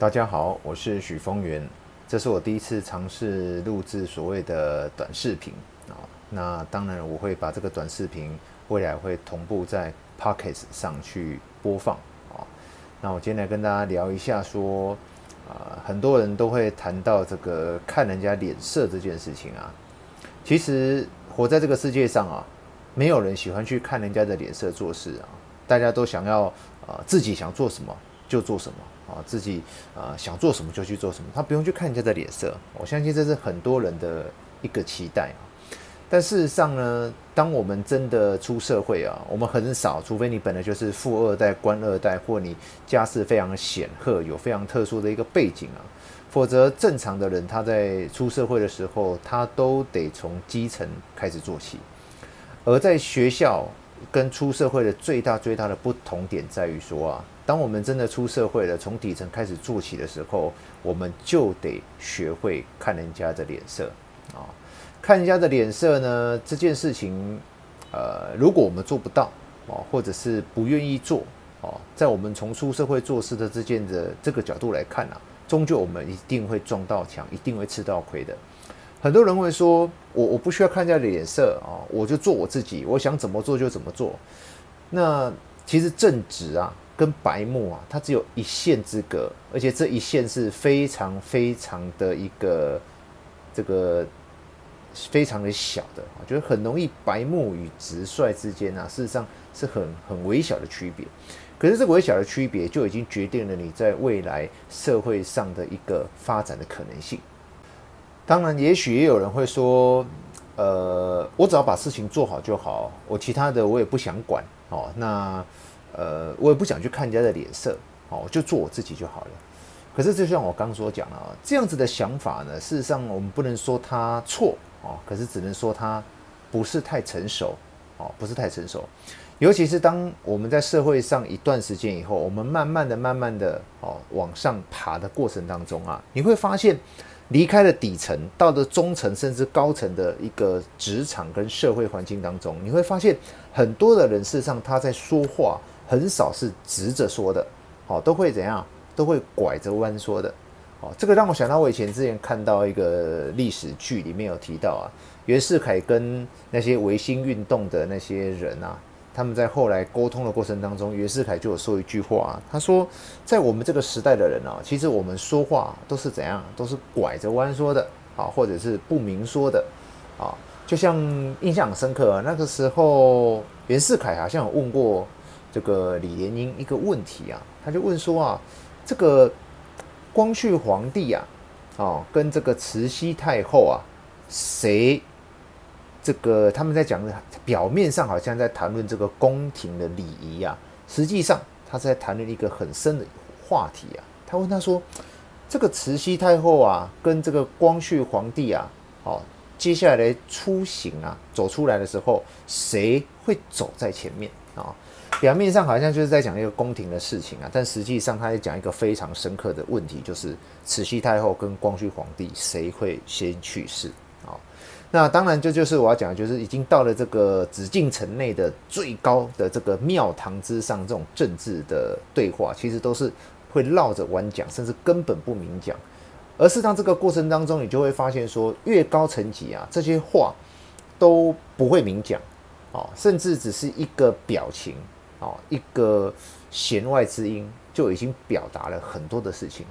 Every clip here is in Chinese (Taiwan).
大家好，我是許峰源，這是我第一次嘗試錄制所謂的短視頻啊。那當然，我會把這個短視頻未來會同步在 Podcast 上去播放啊。那我今天來跟大家聊一下說，說、呃、啊，很多人都會談到這個看人家臉色這件事情啊。其實活在這個世界上啊，沒有人喜歡去看人家的臉色做事啊。大家都想要啊、呃，自己想做什麼。就做什麼啊。自己啊想做什麼就去做什麼，他不用去看人家的臉色。我相信這是很多人的一個期待啊。但事實上呢，當我們真的出社會啊，我們很少，除非你本來就是富二代、官二代，或你家世非常顯赫，有非常特殊的一個背景啊。否則，正常的人他在出社會的時候，他都得從基層開始做起。而在學校跟出社會的最大最大的不同點在於說啊。當我們真的出社會了，從底層開始做起的時候，我們就得學會看人家的臉色啊、哦！看人家的臉色呢，這件事情，呃，如果我們做不到哦，或者是不願意做哦，在我們從出社會做事的這件的這個角度來看啊，終究我們一定會撞到牆，一定會吃到虧的。很多人會說，我我不需要看人家的臉色哦，我就做我自己，我想怎麼做就怎麼做。那其實正直啊。跟白目啊，它只有一線之隔，而且這一線是非常非常的一個這個非常的小的，我覺得很容易白目與直率之間啊，事實上是很很微小的區別。可是這個微小的區別就已經決定了你在未來社會上的一個發展的可能性。當然，也許也有人會說，呃，我只要把事情做好就好，我其他的我也不想管哦。那呃，我也不想去看人家的臉色，哦，就做我自己就好了。可是，就像我剛所講啊，這樣子的想法呢，事實上我們不能說他錯哦，可是只能說他不是太成熟，哦，不是太成熟。尤其是當我們在社會上一段時間以後，我們慢慢的、慢慢的哦往上爬的過程當中啊，你會發現，離開了底層，到了中層甚至高層的一個職場跟社會環境當中，你會發現很多的人，事實上他在說話。很少是直着說的，好，都會怎樣？都會拐着彎說的，哦，這個讓我想到我以前之前看到一個歷史劇裡面有提到啊，袁世凱跟那些維新運動的那些人啊，他們在後來溝通的過程當中，袁世凱就有說一句話啊，他說，在我們這個時代的人啊，其實我們說話都是怎樣？都是拐着彎說的啊，或者是不明說的啊，就像印象很深刻啊，那個時候袁世凱好像有問過。這個李蓮英一個問題啊，他就問說啊，這個光緒皇帝啊，哦，跟這個慈禧太後啊，誰？這個他們在講，表面上好像在談論這個宮廷的禮儀啊，實際上，他是在談論一個很深的話題啊。他問他說，這個慈禧太後啊，跟這個光緒皇帝啊，哦，接下來出行啊，走出來的時候，誰會走在前面啊？哦表面上好像就是在講一個宮廷的事情啊，但實際上他在講一個非常深刻的問題，就是慈禧太后跟光緒皇帝誰會先去世啊、哦。那當然，這就是我要講的，就是已經到了這個紫禁城內的最高的這個廟堂之上，這種政治的對話其實都是會繞着彎講，甚至根本不明講，而是在這個過程當中，你就會發現說，越高層級啊，這些話都不會明講啊、哦，甚至只是一個表情。哦，一個弦外之音，就已經表達了很多的事情，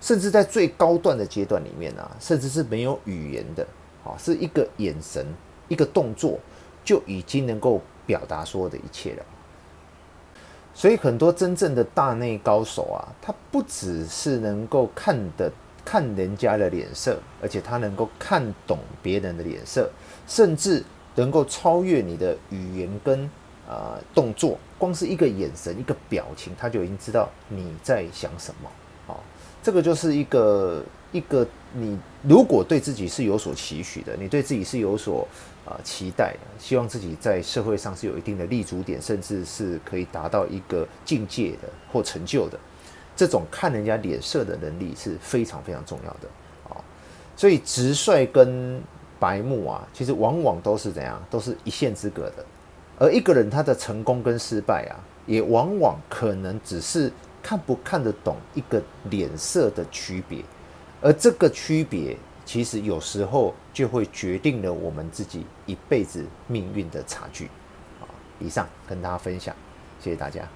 甚至在最高段的階段裡面啊，甚至是沒有語言的，是一個眼神、一個動作就已經能夠表達說的一切了。所以，很多真正的大內高手啊，他不只是能夠看得看人家的臉色，而且他能夠看懂別人的臉色，甚至能夠超越你的語言跟。呃，動作，光是一個眼神、一個表情，他就已經知道你在想什麼。好、哦，這個就是一個一個你如果對自己是有所期許的，你對自己是有所啊、呃、期待的，希望自己在社會上是有一定的立足點，甚至是可以達到一個境界的或成就的。這種看人家臉色的能力是非常非常重要的。哦，所以直率跟白目啊，其實往往都是怎樣，都是一線之隔的。而一個人他的成功跟失敗啊，也往往可能只是看不看得懂一個臉色的區別，而這個區別其實有時候就會決定了我們自己一輩子命運的差距。啊，以上跟大家分享，謝謝大家。